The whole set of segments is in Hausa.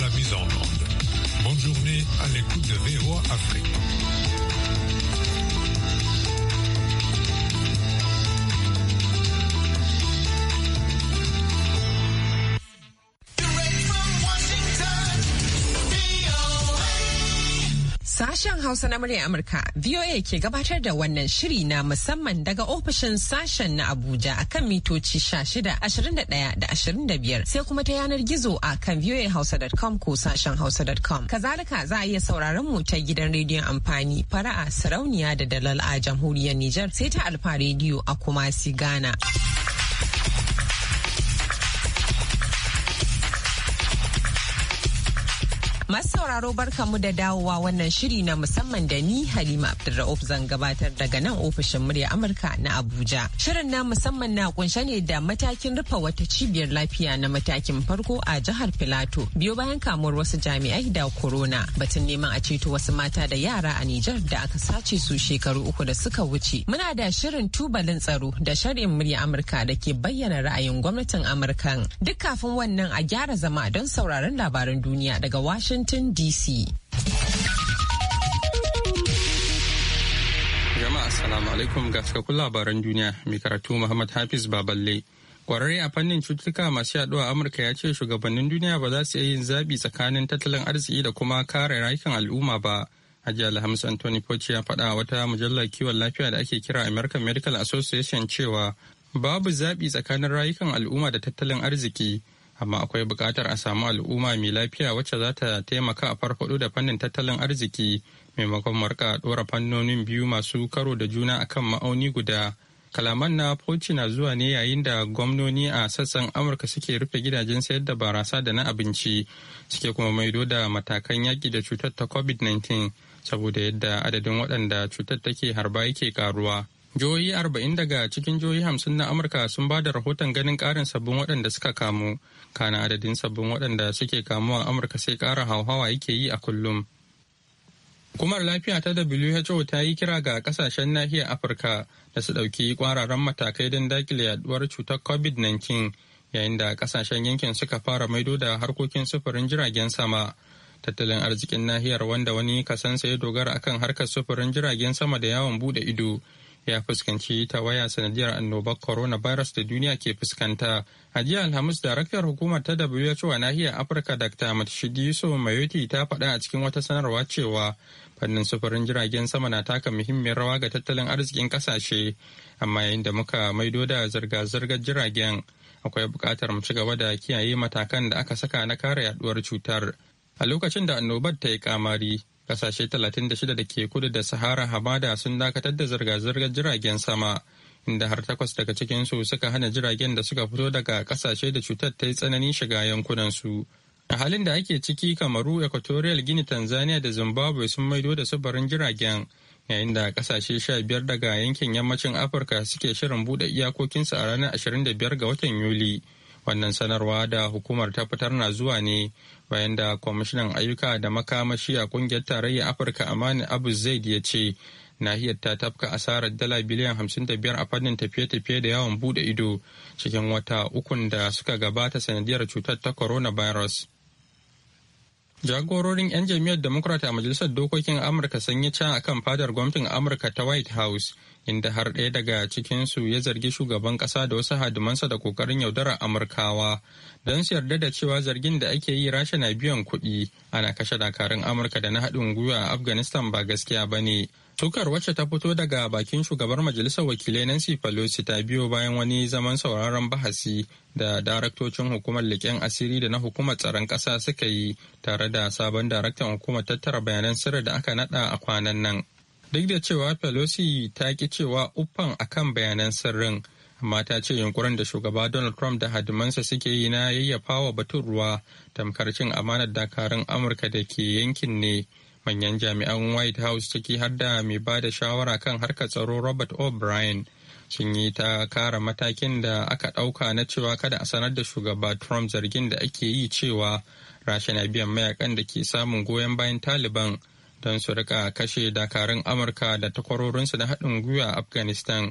la mise en onde. Bonne journée à l'écoute de VOA Afrique. Sashen Hausa na murya Amurka VOA ke gabatar da wannan shiri na musamman daga ofishin sashen na Abuja akan mitoci 16, da 25 sai kuma ta yanar gizo a kan voahausa.com ko sashen hausa.com. Kazalika za a iya sauraron mu ta gidan rediyon amfani fara'a sarauniya da dalal a jamhuriyar Nijar sai ta alfa rediyo a Kumasi Ghana. Masu sauraro barkamu da dawowa wannan shiri na musamman da ni Halima Abdulra'uf zan gabatar daga nan ofishin murya Amurka na Abuja. Shirin na musamman na kunshe ne da matakin rufe wata cibiyar lafiya na matakin farko a jihar Filato biyo bayan kamuwar wasu jami'ai da corona batun neman a ceto wasu mata da yara a Nijar da aka sace su shekaru uku da suka wuce. Muna da shirin tubalin tsaro da shirin murya Amurka da ke bayyana ra'ayin gwamnatin Amurkan. Duk kafin wannan a gyara zama don sauraron labaran duniya daga Washington Washington DC. Jama'a Assalamu alaikum ga cikakkun labaran duniya mai karatu Muhammad Hafiz Baballe. Kwararre a fannin cututtuka masu yaduwa a Amurka ya ce shugabannin duniya ba za su iya yin zaɓi tsakanin tattalin arziki da kuma kare rayukan al'umma ba. Haji Alhamis Anthony Fauci ya faɗa wata mujallar kiwon lafiya da ake kira American Medical Association cewa babu zaɓi tsakanin rayukan al'umma da tattalin arziki amma akwai buƙatar a samu al'umma mai lafiya wacce za ta taimaka a farfaɗo da fannin tattalin arziki maimakon marka ɗora fannonin biyu masu karo da juna akan ma'auni guda kalaman na poci na zuwa ne yayin da gwamnoni a sassan amurka suke rufe gidajen sayar da barasa da na abinci suke kuma maido da matakan yaƙi da cutar ta covid-19 saboda yadda adadin waɗanda cutar take harba yake ƙaruwa. Jihohi arba'in daga cikin jihohi hamsin na Amurka sun ba da rahoton ganin karin sabbin waɗanda suka kamu, kana adadin sabbin waɗanda suke kamuwa Amurka sai kara hauhawa yake yi a kullum. Hukumar lafiya ta WHO ta yi kira ga kasashen nahiyar Afirka da su ɗauki kwararan matakai don dakile yaduwar cutar COVID-19 yayin da ƙasashen yankin suka fara maido da harkokin sufurin jiragen sama. Tattalin arzikin nahiyar wanda wani kasansa ya dogara akan harkar sufurin jiragen sama da yawon bude ido ya fuskanci ta waya sanadiyar annobar virus da duniya ke fuskanta a jiya alhamis daraktar hukumar ta who a nahiyar afirka dr matshidiso mayoti ta faɗa a cikin wata sanarwa cewa fannin sufurin jiragen sama na taka muhimmiyar rawa ga tattalin arzikin ƙasashe, amma yayin da muka maido da zirga-zirgar jiragen akwai buƙatar mu ci gaba da kiyaye matakan da aka saka na kare yaduwar cutar a lokacin da annobar ta yi kamari Kasashe 36 da ke kudu da Sahara Hamada sun dakatar da zirga-zirgar jiragen sama, inda har takwas daga cikinsu suka hana jiragen da suka fito daga kasashe da cutar ta yi tsanani shiga yankunansu. A halin da ake ciki Kamaru, Equatorial gini Tanzania da Zimbabwe sun maido da subarin jiragen, yayin da kasashe 15 daga yankin yammacin Afirka suke shirin buɗe iyakokinsu a ranar 25 ga watan Yuli. wannan sanarwa da hukumar ta fitar na zuwa ne bayan da kwamishinan ayyuka da makamashi a kungiyar tarayyar afirka amani abu zaid ya ce nahiyar ta tafka asarar dala biliyan hamsin 55 a fannin tafiye-tafiye da yawon bude ido cikin wata ukun da suka gabata sanadiyar cutar ta coronavirus jagororin 'yan jam'iyyar democrat a majalisar dokokin amurka sun yi can akan fadar gwamnatin amurka ta white house inda har ɗaya daga cikin su ya zargi shugaban ƙasa da wasu hadimansa da kokarin yaudarar amurkawa don su yarda da cewa zargin da ake yi rasha na biyan kuɗi ana kashe dakarun amurka da na haɗin gwiwa a afghanistan ba gaskiya ba ne Tukar wacce ta fito daga bakin shugabar majalisar wakilai Nancy Pelosi ta biyo bayan wani zaman sauraron bahasi da daraktocin hukumar leƙen asiri da na hukumar tsaron ƙasa suka yi tare da sabon daraktan hukumar tattara bayanan sirri da aka nada a kwanan nan. Duk da cewa Pelosi ta ki cewa uffan akan bayanan sirrin, amma ta ce yunkurin da shugaba Donald Trump da hadimansa suke yi na yayyafawa batun ruwa tamkar cin amanar dakarun Amurka da ke yankin ne. manyan jami'an white house ciki har da mai ba da shawara kan harkar tsaro robert o'brien sun yi ta kara matakin da aka ɗauka na cewa kada a sanar da shugaba trump zargin da ake yi cewa rasha na biyan mayakan da ke samun goyon bayan taliban don su rika kashe dakarun amurka da takwarorinsu na haɗin gwiwa a afghanistan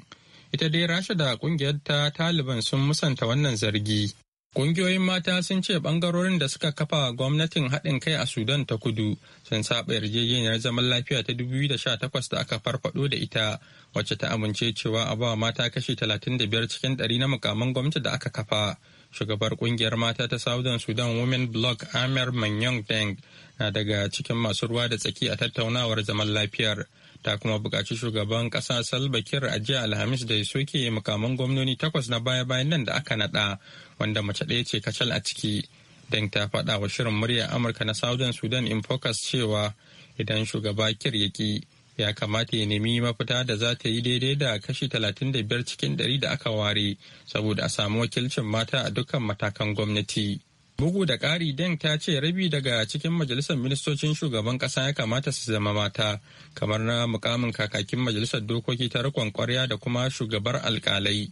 ita dai rasha da kungiyar ta taliban sun musanta wannan zargi Ƙungiyoyin mata sun ce ɓangarorin da suka kafa gwamnatin haɗin kai a Sudan ta kudu sun saba yarjejeniyar zaman lafiya ta 2018 da aka farfaɗo da ita wacce ta amince cewa a ba mata kashi 35 cikin 100 na mukaman gwamnati da aka kafa. Shugabar ƙungiyar mata ta Southern Sudan Women Bloc Amir Manyong Deng na daga cikin masu ruwa da tsaki a tattaunawar zaman lafiyar. ta kuma buƙaci shugaban ƙasa salbakir a jiya alhamis da ya soke mukamman gwamnoni takwas na baya-bayan nan da aka naɗa wanda mace ɗaya ce kacal a ciki deng ta faɗa wa shirin murya amurka na southern sudan in focus cewa idan shugaba kir ya ki ya kamata ya nemi mafita da za ta yi daidai da kashi 35 cikin 100 da aka ware saboda a samu wakilcin mata a dukkan matakan gwamnati. Bugu da ƙari Deng ta ce rabi daga cikin majalisar ministocin shugaban ƙasa ya kamata su zama mata, kamar na mukamin kakakin majalisar dokoki ta rikon kwarya da kuma shugabar alkalai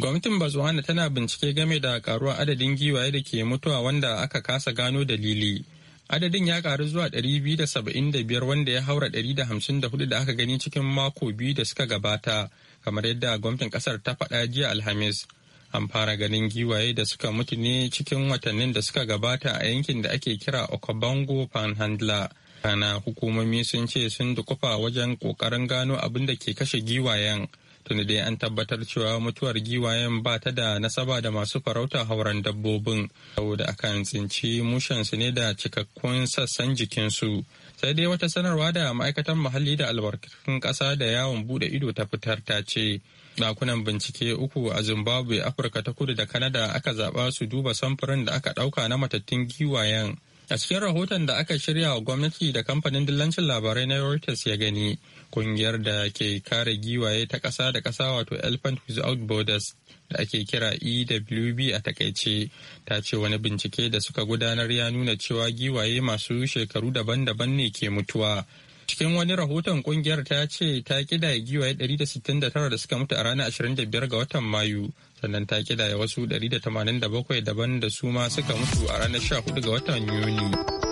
Gwamnatin Botswana tana bincike game da karuwar adadin giwaye da ke mutuwa wanda aka kasa gano dalili. Adadin ya karu zuwa 275 wanda ya haura 154 da aka gani cikin mako biyu da suka gabata, kamar yadda gwamnatin kasar ta faɗa jiya Alhamis. An fara ganin giwaye da suka mutu ne cikin watannin da suka gabata a yankin da ake kira Okabango Panhandla. Kana hukumomi sun ce sun dukufa wajen ƙoƙarin gano abin da ke kashe giwayen. tuni dai an tabbatar cewa mutuwar giwayen ba ta da nasaba da masu farauta hauren dabbobin saboda akan tsinci mushensu ne da cikakkun sassan jikinsu sai dai wata sanarwa da ma'aikatan muhalli da albarkatun ƙasa da yawon bude ido ta fitar ta ce ɗakunan bincike uku a zimbabwe afirka ta kudu da kanada aka zaɓa su duba samfurin da aka ɗauka na matattun giwayen A cikin rahoton da aka shirya wa gwamnati da kamfanin dillancin labarai na Reuters ya gani, kungiyar da ke kare giwaye ta ƙasa da ƙasa wato Elephant Without Borders da ake kira EWB a takaice, ta ce wani bincike da suka gudanar ya nuna cewa giwaye masu shekaru daban-daban ne ke mutuwa Cikin wani rahoton kungiyar ta ce ta kidaya giwaye 169 da suka mutu a ranar 25 ga watan Mayu, sannan ta kidaya wasu 187 daban da su ma suka mutu a ranar 14 ga watan Yuni.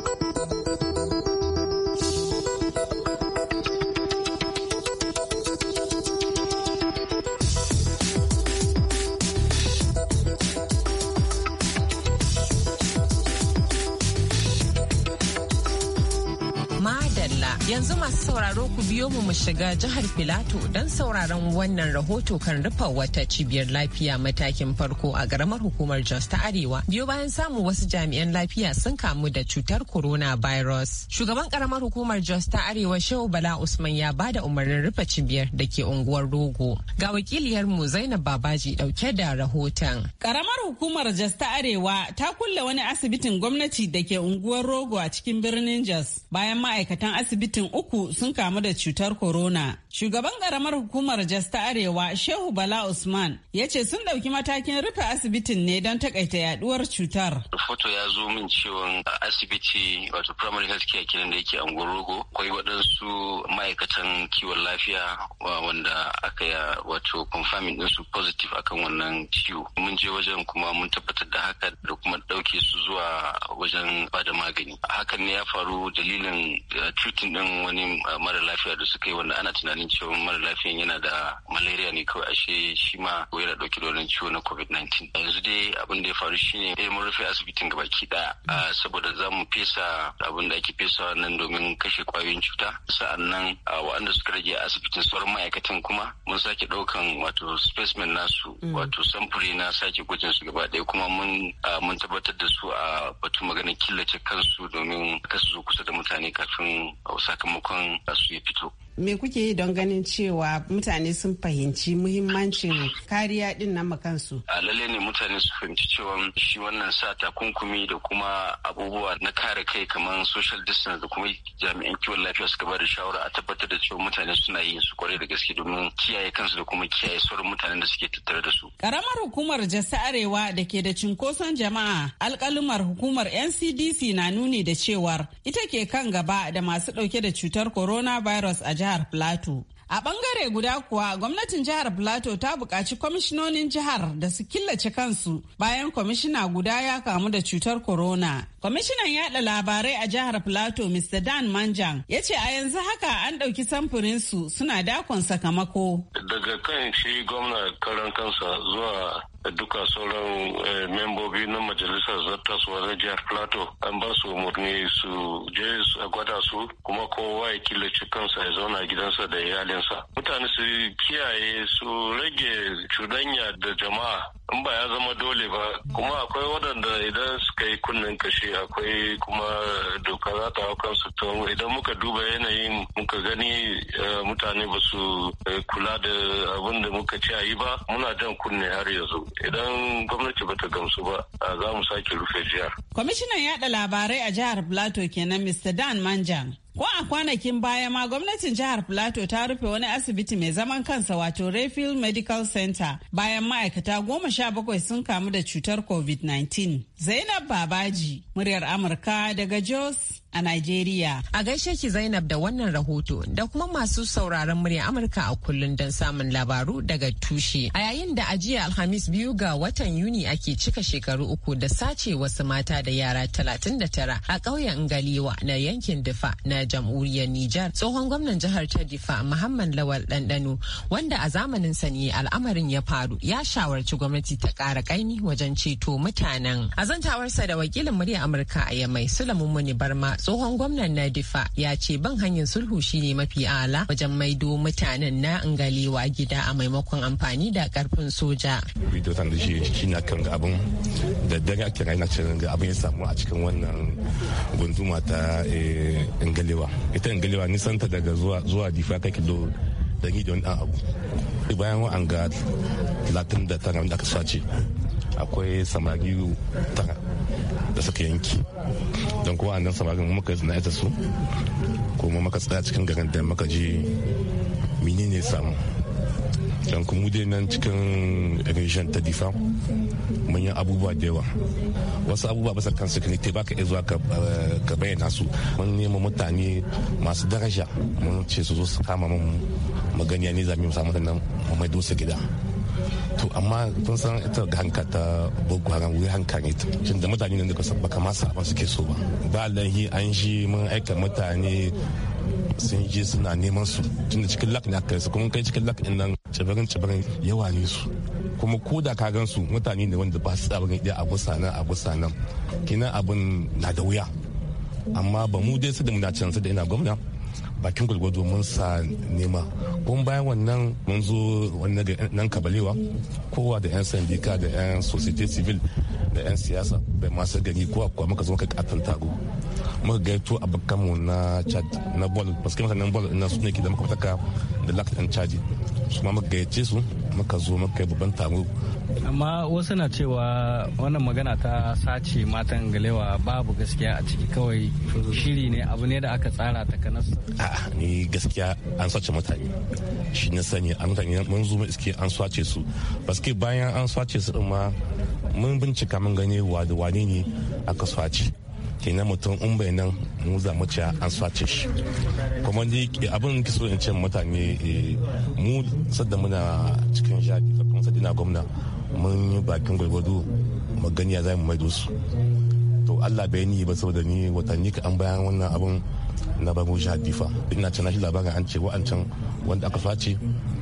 Allah. Yanzu masu sauraro ku biyo mu mu shiga jihar Filato don sauraron wannan rahoto kan rufe wata cibiyar lafiya matakin farko a garamar hukumar Jos ta Arewa. Biyo bayan samun wasu jami'an lafiya sun kamu da cutar coronavirus. Shugaban karamar hukumar Jos ta Arewa Shehu Bala Usman ya ba da umarnin rufe cibiyar da ke unguwar Rogo. Ga wakiliyar mu Zainab Babaji dauke da rahoton. Karamar hukumar Jos ta Arewa ta kulle wani asibitin gwamnati da ke unguwar Rogo a cikin birnin Jos bayan ma'aikatan asibitin uku sun kamu da cutar corona. Shugaban karamar hukumar Jas ta Arewa, Shehu Bala Usman, ya ce sun ɗauki matakin rufe asibitin ne don takaita yaduwar cutar. Foto ya zo min ciwon asibiti wato primary health care kinan da yake Ngorogo, akwai waɗansu ma'aikatan kiwon lafiya wanda aka yi wato confirming ɗinsu positive akan wannan ciwo. Mun je wajen kuma mun tabbatar da haka da kuma ɗauke su zuwa wajen bada magani. Hakan ne ya faru dalilin eh, shooting din wani uh, mara lafiya da suka yi wanda ana tunanin cewa mara lafiyan yana da malaria ne kawai ashe shi ma yana dauke da wani ciwo na covid-19 yanzu dai abin da ya faru shine ne eh, mun rufe asibitin gabaki daya uh, saboda za mu fesa abin da ake fesa nan domin kashe kwayoyin cuta sa'annan uh, waɗanda suka rage asibitin sauran ma'aikatan kuma mun sake ɗaukan wato specimen nasu mm. wato samfuri na sake gwajin su gaba ɗaya kuma mun mun tabbatar da su a batun maganar killace kansu domin kasu zo kusa da mutane kafin sakamakon su ya fito me kuke yi don ganin cewa mutane sun fahimci muhimmancin kariya din na makansu? A lalle ne mutane su fahimci cewa shi wannan sa takunkumi da kuma abubuwa na kare kai kamar social distance da kuma jami'an kiwon lafiya suka ba da shawara a tabbatar da cewa mutane suna yin su kwarai da gaske domin kiyaye kansu da kuma kiyaye sauran mutanen da suke tattare da su. Karamar hukumar Jasa Arewa da ke da cunkoson jama'a alkalumar hukumar NCDC na nuni da cewar ita ke kan gaba da masu ɗauke da cutar coronavirus a jihar jihar Plateau. A ɓangare guda kuwa gwamnatin jihar Plateau ta buƙaci kwamishinonin jihar da su killace kansu bayan kwamishina guda ya kamu da cutar corona. Kwamishinan yaɗa labarai a jihar Plateau Mr. Dan Manjan ya ce a yanzu haka an ɗauki samfurinsu suna dakon sakamako. Daga kan shi gwamna karan kansa zuwa duka sauran eh, membobi na majalisar zartaswa na jihar plateau an ba su umarni su je su gwada su kuma kowa ya killace kansa ya zauna gidansa da iyalinsa mutane su kiyaye su rage cudanya da jama'a in ba ya zama dole ba kuma akwai waɗanda idan suka yi kunnen kashi akwai kuma doka za ta hau kansu to idan muka duba yanayin muka gani eh, mutane ba su eh, kula da abin da muka ci a yi ba muna jan kunne har yanzu idan gwamnati bata gamsu ba za mu sake rufe jihar. Kwamishinan yada labarai a jihar Plateau kenan Mr. Dan Manjan. Ko a kwanakin baya ma gwamnatin jihar Plateau ta rufe wani asibiti mai zaman kansa wato Rayfield Medical Center bayan ma'aikata goma sha bakwai sun kamu da cutar COVID-19. Zainab Babaji, muryar Amurka daga Jos a Najeriya. A gaishe ki Zainab da wannan rahoto da kuma masu sauraron muryar Amurka a kullum don samun labaru daga tushe. A yayin da ajiya Alhamis biyu ga watan Yuni ake cika shekaru uku da sace wasu mata da yara tara a ƙauyen Ngaliwa na yankin Difa na jamhuriyar Nijar tsohon gwamnan jihar ta Difa Muhammad Lawal Dandano wanda a zamanin sa ne al'amarin ya faru ya shawarci gwamnati ta ƙara kaini wajen ceto mutanen. A zantawarsa da wakilin murya Amurka a Yamai Sulamun Muni Barma tsohon gwamnan na Difa ya ce ban hanyar sulhu shine mafi ala wajen maido mutanen na Ngalewa gida a maimakon amfani da karfin soja. da samu a cikin wannan gunduma ta eh, ingalewa ita ingalewa ta daga zuwa zuwa difa kai kilo da ni don abu bayan an ga latin da ta wanda aka sace akwai samari ta da suka yanki don kuwa annan samarin muka zina ita su kuma muka tsaya cikin garin da muka je ne samu don kuma dai nan cikin region ta difa mun yi abubuwa da yawa wasu abubuwa basar kansu ka te baka zuwa eh, ka bayyana su mun nemo mutane masu daraja mun ce su zo su kama mun magani ne zami mu samu nan mu mai dosa gida to amma kun san ita ga hanka ta boko haram wuri hanka ne tun da mutane ne da baka ma saba suke so ba ba lahi an shi mun aika mutane sun je suna neman su tun da cikin lak ne aka yi su kuma kai cikin lak nan cibirin cibirin yawa ne su kuma ko da ka gan su mutane ne wanda ba su abin a abu sanan abu sanan kina abin na da wuya amma ba mu dai su da muna can su da ina gwamna bakin gwalgwado mun sa nema kun bayan wannan mun zo wannan nan kabalewa kowa da yan sandika da yan societe civil da yan siyasa bai masu gani kowa kuwa muka zo ka katon tago muka gaito mu na chad na bol parce que mutanen bol na su ne ke da makwabtaka da lak ɗan chadi su ma muka gayyace su muka zo muka yi babban taro amma wasu na cewa wannan magana ta sace matan galewa babu gaskiya a ciki kawai shiri ne abu ne da aka tsara ta kanas a ni gaskiya an sace mutane shi na sani an mutane mun zo iske an sace su que bayan an sace su din ma mun bincika mun gane wane ne aka sace kenan mutum in bai nan mu za mu ci an swace shi kuma ni abin ki so in ce mutane eh, mu sadda muna cikin jaji kuma sadina gwamna mun yi bakin gwargwado mu gani ya zai mu maido su to Allah bai ni ba saboda ni watanni ka an bayan wannan abin na babu jihar difa ina cana shi labarin an ce wa'ancan wanda aka face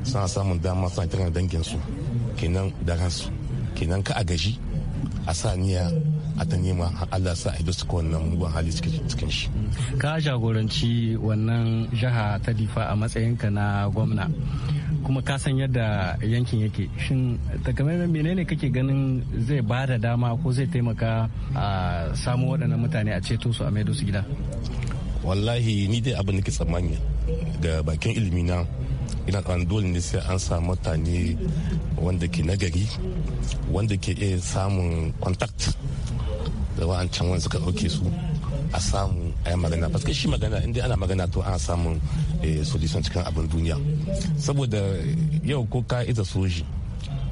suna samun dama suna kiran dangin su kenan da ransu kenan ka a gaji a sa a ta nema Allah sa a bisa wannan mugun hali cikin shi ka jagoranci wannan jiha ta difa a matsayinka na gwamna kuma ka san yadda yankin yake shin takamaiman menene kake ganin zai ba da dama ko zai taimaka a samu waɗannan mutane a ceto su a maido su gida wallahi ni dai abin da ke tsammani ga bakin ilimina ina tsaron dole ne sai an samu mutane wanda ke nagari wanda ke iya samun contact da wa'ancan wanda suka ɗauke su a samu a yi magana paske shi magana inda ana magana to ana samun eh, solution cikin abin duniya saboda yau ko ka ita soji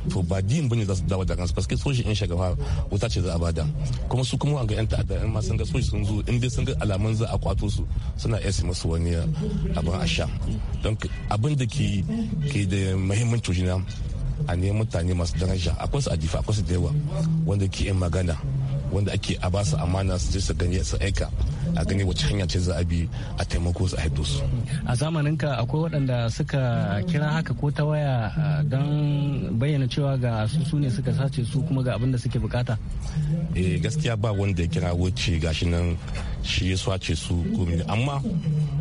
to ba din bane za su dawo da kansu paske soji in shagaba wuta ce za a bada kuma su kuma wanga yan ta'adda yan ma sun ga soji sun zo in dai sun ga alamun za a kwato su suna iya masu wani abin a sha don abin da ke da muhimmanci a neman mutane masu daraja akwai su a difa akwai su da yawa wanda ke yin magana wanda ake a ba su amana su je su gani su aika a gani wacce hanya ce za a bi a taimako su a su a zamanin ka akwai waɗanda suka kira haka ko ta waya don bayyana cewa ga su su ne suka sace su kuma ga abin da suke bukata eh gaskiya ba wanda ya kira wacce gashi nan shi ya sace su komai amma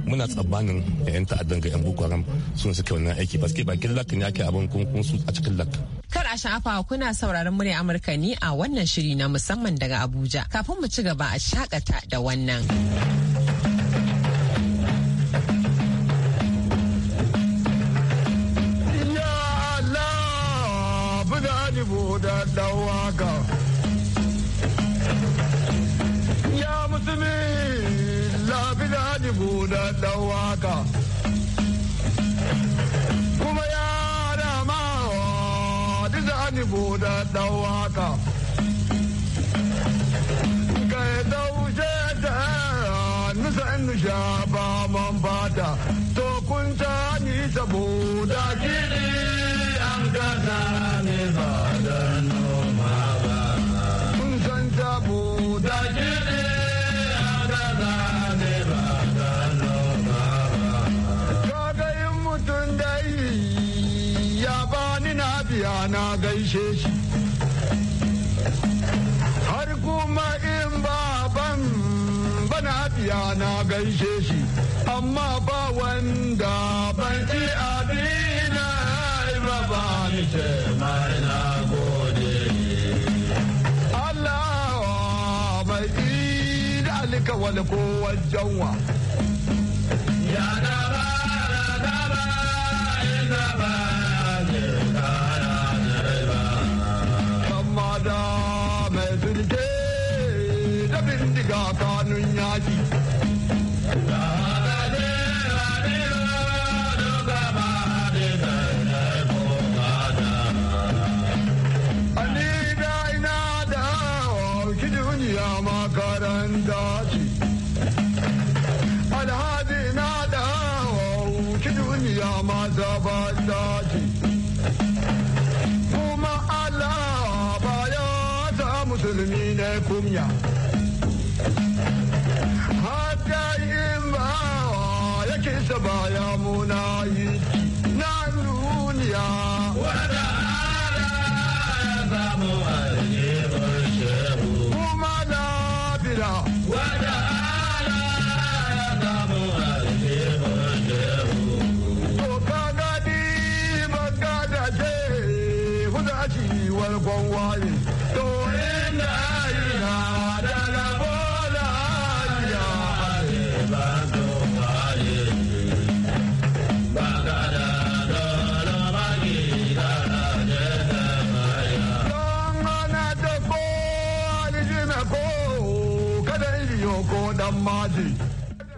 muna tsabanin yan ta'addan ga yan boko haram sun suke wannan aiki paske bakin lak ne ake abin kun su a cikin lak Kar a sha'afa kuna sauraron murya Amurka ne a wannan shiri na musamman daga Abuja. Kafin mu ci gaba a shakata da wannan. da dawaka ya musulmi da dawaka ibo da dawaka kai daushe ta nusa in ba man bata kawale ko wajen 呀。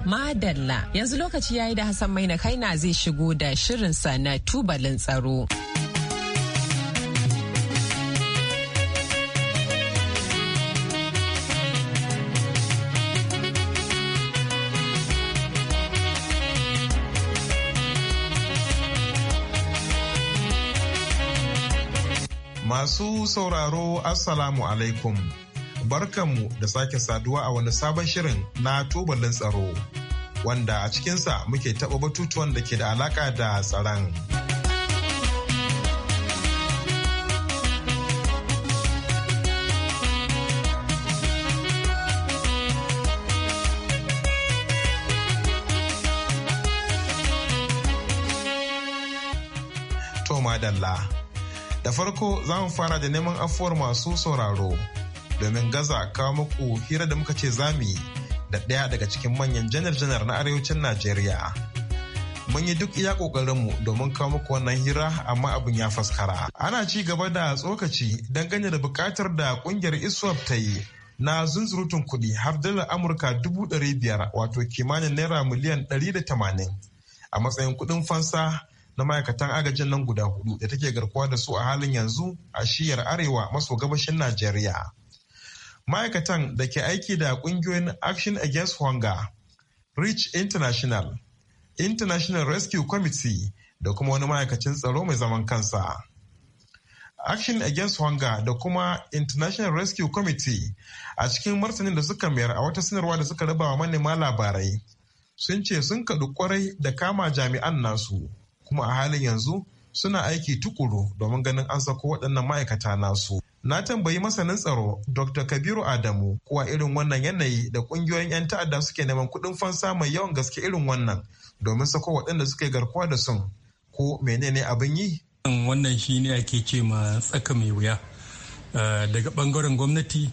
Madalla yanzu lokaci ya yi da Hassan Maina Kaina zai shigo da shirinsa na tubalin tsaro. Masu sauraro Assalamu alaikum. barkanmu da sake saduwa a wani sabon shirin na tubalin tsaro wanda a cikinsa muke taɓa batutuwan da ke da alaƙa da tsaron. Da farko za mu fara da neman afuwar masu sauraro. domin gaza kawo muku hira da muka ce zami da ɗaya daga cikin manyan janar-janar na arewacin Najeriya. Mun yi duk iya ƙoƙarinmu domin kawo muku wannan hira amma abin ya faskara. Ana ci gaba da tsokaci dangane da bukatar da ƙungiyar ISWAP ta yi na zunzurutun kuɗi har dala Amurka dubu ɗari biyar wato kimanin naira miliyan ɗari da tamanin a matsayin kuɗin fansa na ma'aikatan agajin nan guda hudu da take garkuwa da su a halin yanzu a shiyar arewa maso gabashin Najeriya. ma'aikatan da ke aiki da kungiyoyin action against hunger rich international international rescue committee da kuma wani ma'aikacin tsaro mai zaman kansa action against hunger da kuma international rescue committee a cikin martanin da suka mayar a wata sanarwa da suka raba wa manema labarai sun ce sun kaɗu kwarai da kama jami'an nasu kuma a halin yanzu suna aiki tukuru domin ganin an sako waɗannan ma'aikata nasu Na tambayi masanin tsaro Dr. Kabiru Adamu kuwa irin wannan yanayi da kungiyoyin 'yan ta'adda suke neman kudin fansa mai yawan gaske irin wannan domin sako waɗanda suke garkuwa da sun ko menene abin yi? Wannan shi ne ake ce ma tsaka mai wuya. Eh, daga bangaren gwamnati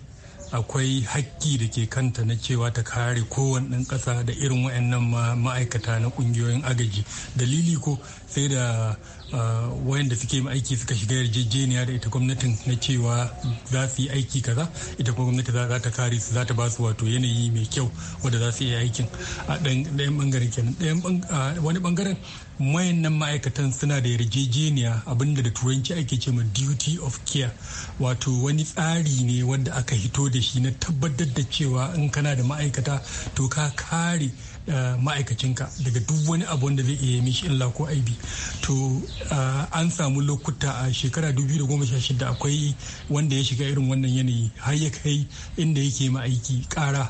akwai hakki da ke kanta na cewa ta kare kowane ɗan ƙasa da irin wa'annan ma'aikata na ƙungiyoyin agaji. Dalili ko sai da Ah, wayanda suke aiki suka shiga yarjejeniya da ita gwamnatin na cewa za su yi aiki kaza ita kuma gwamnati za ta kare su za ta ba su wato yanayi mai kyau wanda za su yi aikin a ɗayan bangaren kenan ah, wani bangaren mayannan ma'aikatan suna da yarjejeniya abinda da turanci ake ce ma duty of care wato wani tsari ne wanda aka hito da shi na tabbatar da cewa in kana da ma'aikata to ka kare eh, ma'aikacinka daga duk wani abu wanda zai iya mishi illa ko aibi to eh, an samu lokuta a shekara 2016 akwai wanda ya shiga irin wannan yanayi har ya kai inda yake ma aiki kara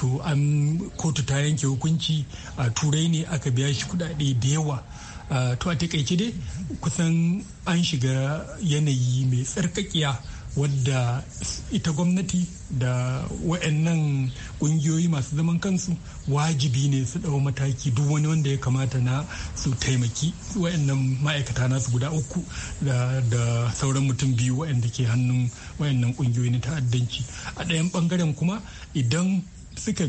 to an kotu ta yanke hukunci a turai ne aka biya shi kudade da yawa to a takaice dai kusan an shiga yanayi mai tsarkakiya wadda ita gwamnati da wa'annan kungiyoyi masu zaman kansu wajibi ne su ɗau mataki duk wani wanda ya kamata na su taimaki wa'annan ma'aikata nasu guda uku da, sauran mutum biyu wa'anda ke hannun wa'annan kungiyoyi na ta'addanci a ɗayan ɓangaren kuma idan suka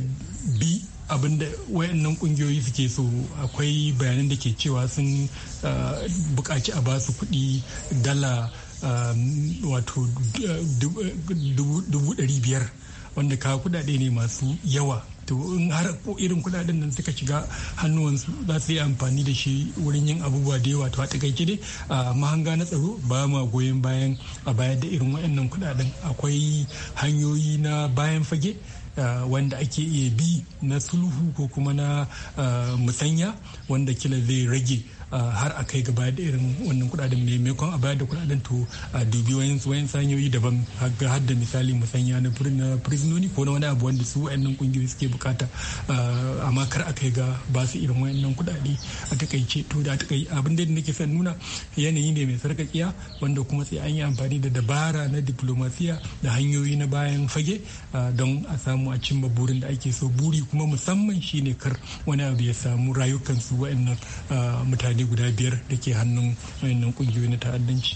bi abin da wayannan kungiyoyi suke so akwai bayanan da ke cewa sun uh, buƙaci a ba su kuɗi dala um, wato dubu ɗari biyar wanda ka kuɗaɗe ne masu yawa to in har irin kuɗaɗen nan suka shiga hannuwansu za su yi amfani da shi wurin yin abubuwa da yawa to a takaice dai a mahanga na tsaro ba ma goyon bayan a bayar da irin wayannan kuɗaɗen akwai hanyoyi na bayan fage Eh, wanda ake iya bi na sulhu ko kuma na eh, musanya wanda kila zai rage har a kai gaba da irin wannan kudaden maimakon a bayar da kudaden to a dubi wayan sanyoyi daban har da misali musanya na prisononi ko na wani abu wanda su wayannan kungiyoyi suke bukata amma kar a kai ga ba su irin wayannan kudade a takaice to da kai abin da nake son nuna yanayi ne mai sarkakiya wanda kuma sai an yi amfani da dabara na diplomasiya da hanyoyi na bayan fage don a samu a cimma burin da ake so buri kuma musamman shine kar wani abu ya samu rayukansu wayannan mutane mutane guda biyar da ke hannun wayannan kungiyoyi na ta'addanci.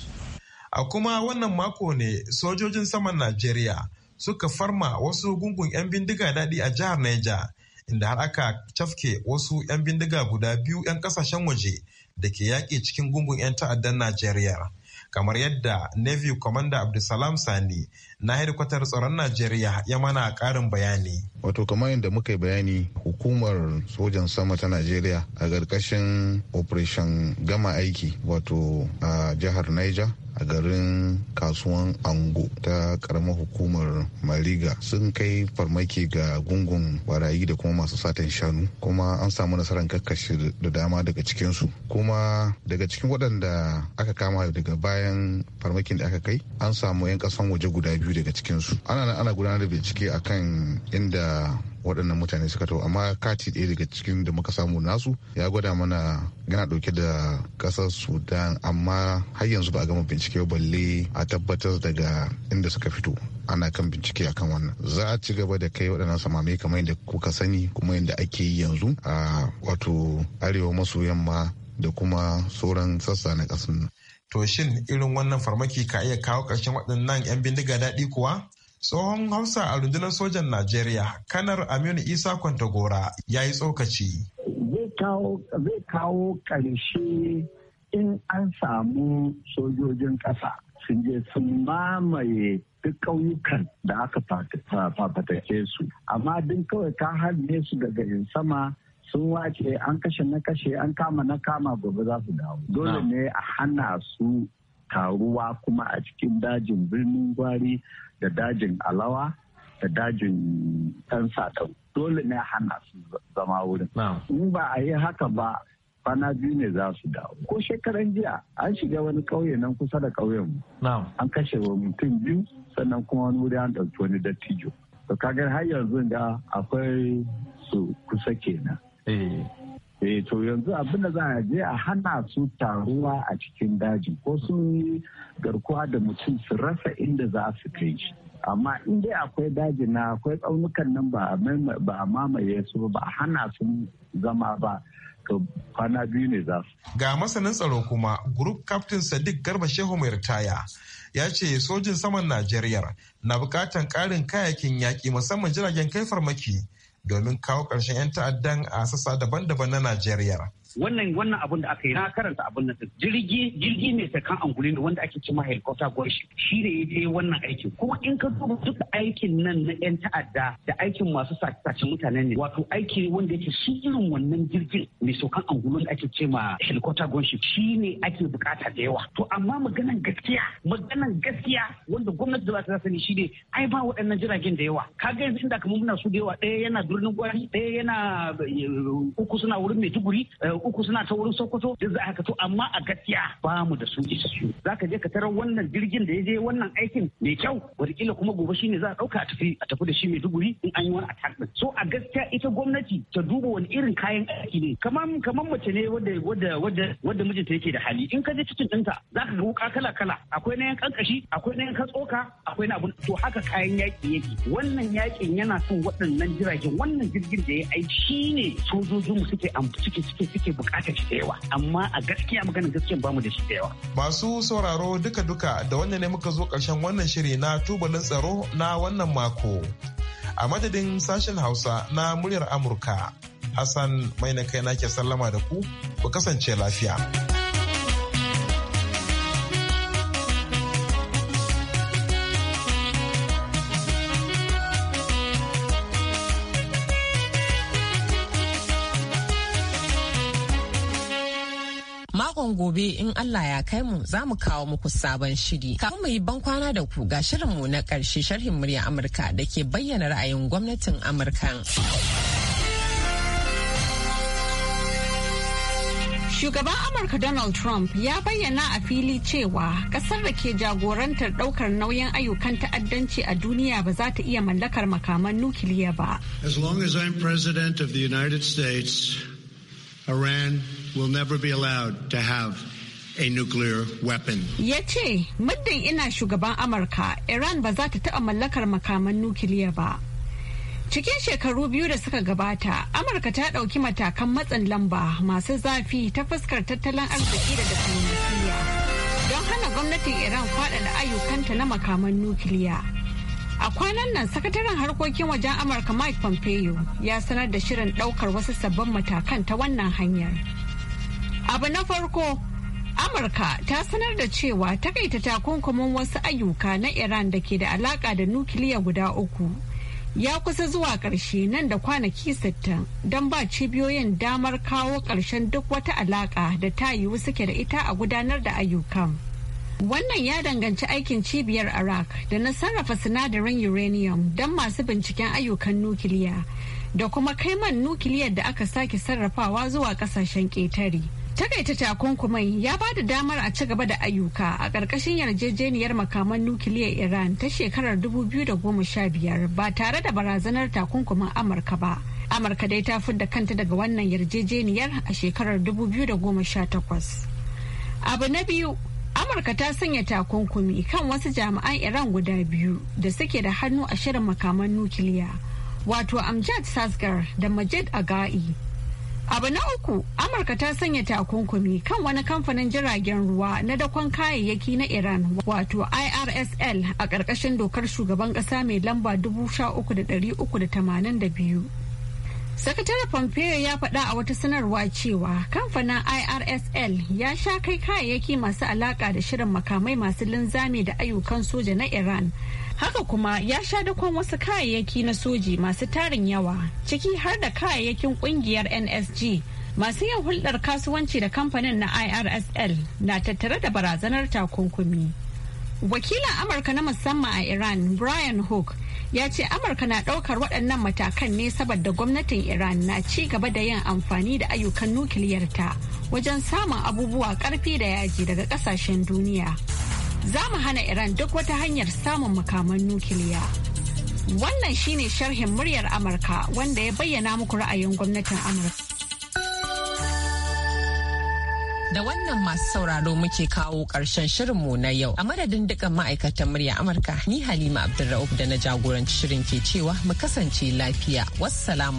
A kuma wannan mako ne sojojin saman Najeriya suka farma wasu gungun 'yan bindiga daɗi a jihar Niger inda har aka cafke wasu 'yan bindiga guda biyu 'yan kasashen waje da ke yaƙi cikin gungun 'yan ta'addan Najeriya. kamar yadda Navy Commander Abdulsalam Sani na hedikwatar tsaron Najeriya ya mana ƙarin bayani. Wato kamar yadda muka yi bayani hukumar sojan sama ta Najeriya a ƙarƙashin Operation Gama Aiki wato a jihar Niger a garin kasuwan ango ta karamar hukumar mariga sun kai farmaki ga gungun barayi da kuma masu satan shanu kuma an samu nasarar kakkashe da dama daga cikinsu kuma daga cikin waɗanda aka kama daga bayan farmakin da aka kai an samu 'yan ƙasan waje guda biyu daga cikinsu ana ana gudanar da bincike akan inda waɗannan mutane suka to amma kati ɗaya daga cikin da muka samu nasu ya gwada mana yana ɗauke da ƙasar sudan amma har yanzu ba a gama bincike balle a tabbatar daga inda suka fito ana kan bincike akan wannan za a ci gaba da kai waɗannan samame kamar yadda kuka sani kuma yadda ake yi yanzu a wato arewa maso yamma da kuma sauran sassa na ƙasar to shin irin wannan farmaki ka iya kawo ƙarshen waɗannan 'yan bindiga daɗi kuwa Tsohon Hausa a rundunar sojan Najeriya, Kanar Aminu Isa Kwantagora ya yi tsokaci. Zai kawo ƙarshe in an samu sojojin ƙasa sun je sun mamaye duk ƙauyukan da aka fafatace su, amma duk kawai ka harbe su daga sama sun wace an kashe na kashe an kama na kama gobe za su dawo dole ne a hana su Karuwa kuma a cikin dajin birnin gwari da dajin alawa da dajin ɗan sadau dole ne hana su zama wurin in ba a yi haka ba kwana biyu ne za su dawo ko shekaran jiya an shiga wani ƙauye nan kusa da ƙauyen mu an kashe wa mutum biyu sannan kuma wani wuri an ɗauki wani dattijo to kagar har yanzu da akwai su kusa kenan eh. eh to yanzu abin da za a je a hana su taruwa a cikin daji ko sun yi garkuwa da mutum su rasa inda za su kai shi amma in dai akwai daji na akwai tsaunukan nan ba a mamaye su ba a hana su zama ba to kwana biyu ne za su. Ga masanin tsaro kuma Group Captain Sadiq Garba Shehu mai ritaya ya ce sojin saman Najeriya na bukatan karin kayakin yaƙi musamman jiragen kai farmaki domin kawo ƙarshen 'yan ta'addan a sassa daban-daban na Najeriya. wannan wannan abun da aka yi na karanta abun nan jirgi jirgi mai sakan anguli ne wanda ake cewa helicopter gunship shi ne yaje wannan aikin kuma in ka duba duk aikin nan na yan ta'adda da aikin masu sace mutane ne wato aiki wanda yake shi irin wannan jirgin mai sakan angulu da ake cewa helicopter gunship shi ne ake bukata da yawa to amma maganan gaskiya maganan gaskiya wanda gwamnati da ta sani shi ne ai ba waɗannan jiragen da yawa kaga yanzu inda kamar muna su da yawa ɗaya yana birnin gwari ɗaya yana eh, uku suna wurin tuguri eh, uku suna ta wurin sokoto duk za a to amma a gaskiya ba mu da su isassu za ka je ka tarar wannan jirgin da ya je wannan aikin mai kyau wataƙila kuma gobe ne za a ɗauka a tafi a tafi da shi mai duguri in an yi wani attack din so a gaskiya ita gwamnati ta duba wani irin kayan aiki ne kamar kamar mace ne wadda wadda wadda mijinta yake da hali in ka je cikin ɗinta za ka ga wuka kala kala akwai na yan kankashi akwai na yan katsoka akwai na abun to haka kayan yaki yake wannan yakin yana son waɗannan jiragen wannan jirgin da ya aiki shine sojojinmu suke suke suke ake bukatar shi da yawa amma a gaskiya maganin gaskiya bamu da shi da yawa masu sauraro duka duka da wannan ne muka zo karshen wannan shiri na tubalin tsaro na wannan mako a madadin sashen hausa na muryar amurka hassan mai na kai nake sallama da ku ku kasance lafiya. gobe in Allah ya kai mu za mu kawo muku sabon shiri. Kafin mu yi ban kwana da ku ga mu na ƙarshe sharhin murya Amurka da ke bayyana ra'ayin gwamnatin Amurka. Shugaban Amurka Donald Trump ya bayyana a fili cewa ƙasar da ke jagorantar ɗaukar nauyin ayyukan ta'addanci a duniya ba za ta iya mallakar makaman nukiliya ba. As long as I'm president of the United States, Iran will never be allowed to have a nuclear weapon. Ya ce, muddin ina shugaban Amurka, Iran ba za ta taɓa mallakar makaman nukiliya ba. Cikin shekaru biyu da suka gabata, Amurka ta ɗauki matakan matsin lamba masu zafi ta fuskar tattalin arziki da diflomasiyya don hana gwamnatin Iran faɗaɗa ayyukanta na makaman nukiliya. A kwanan nan sakataren harkokin wajen Amurka Mike Pompeo ya sanar da shirin ɗaukar wasu sabbin matakan ta wannan hanyar. Abu na farko, Amurka ta sanar da cewa takaita takunkumin wasu ayyuka na Iran da ke da alaka da nukiliya guda uku. Ya kusa zuwa ƙarshe nan da kwanaki sittin don ba cibiyoyin damar kawo ƙarshen duk wata alaka da ta yiwu suke da ita a gudanar da ayyukan. Wannan ya danganci aikin cibiyar Iraq da na sarrafa sinadarin uranium don masu binciken ayyukan nukiliya da kuma kaiman nukiliyar da aka sake sarrafawa zuwa ƙasashen ƙetare. Takaita takunkumin ya ba da damar a ci gaba da ayyuka a ƙarƙashin yarjejeniyar makaman nukiliyar Iran ta shekarar 2015 ba tare da barazanar takunkumin Amurka ba. Amurka dai ta fidda kanta daga wannan yarjejeniyar a shekarar 2018. Abu na biyu, Amurka ta sanya takunkumi kan wasu jami'an Iran guda biyu da suke da hannu a shirin makaman nukiliya, wato Amjad Sasgar da Majid Agai. Abu na uku, Amurka ta sanya takunkumi kan wani kamfanin jiragen ruwa na dakon kayayyaki na Iran wato IRSL a ƙarƙashin dokar shugaban ƙasa mai lamba 13,382. Sakatare Pompeo ya faɗa a wata sanarwa cewa kamfanin IRSL ya sha kai kayayyaki masu alaƙa da shirin makamai masu linzami da ayyukan soja na Iran. Haka kuma ya sha dakon wasu kayayyaki na soji masu tarin yawa ciki har da kayayyakin kungiyar NSG masu yin hulɗar kasuwanci da kamfanin na IRSL na tattare da barazanar takunkumi. Wakilin Amurka na musamman a Iran Brian Hook ya ce Amurka na ɗaukar waɗannan matakan ne saboda gwamnatin Iran na ci gaba da yin amfani da ayyukan nukiliyarta wajen samun abubuwa ƙarfi da yaji daga ƙasashen duniya. za mu hana Iran duk wata hanyar samun makaman nukiliya. Wannan shine sharhin muryar Amurka wanda ya bayyana muku ra'ayin gwamnatin Amurka. Da wannan masu sauraro muke kawo ƙarshen shirinmu na yau. A madadin dukkan ma'aikatan murya Amurka, ni Halima Abdulra'uf da na jagoranci shirin ke cewa mu kasance lafiya. Wassalamu.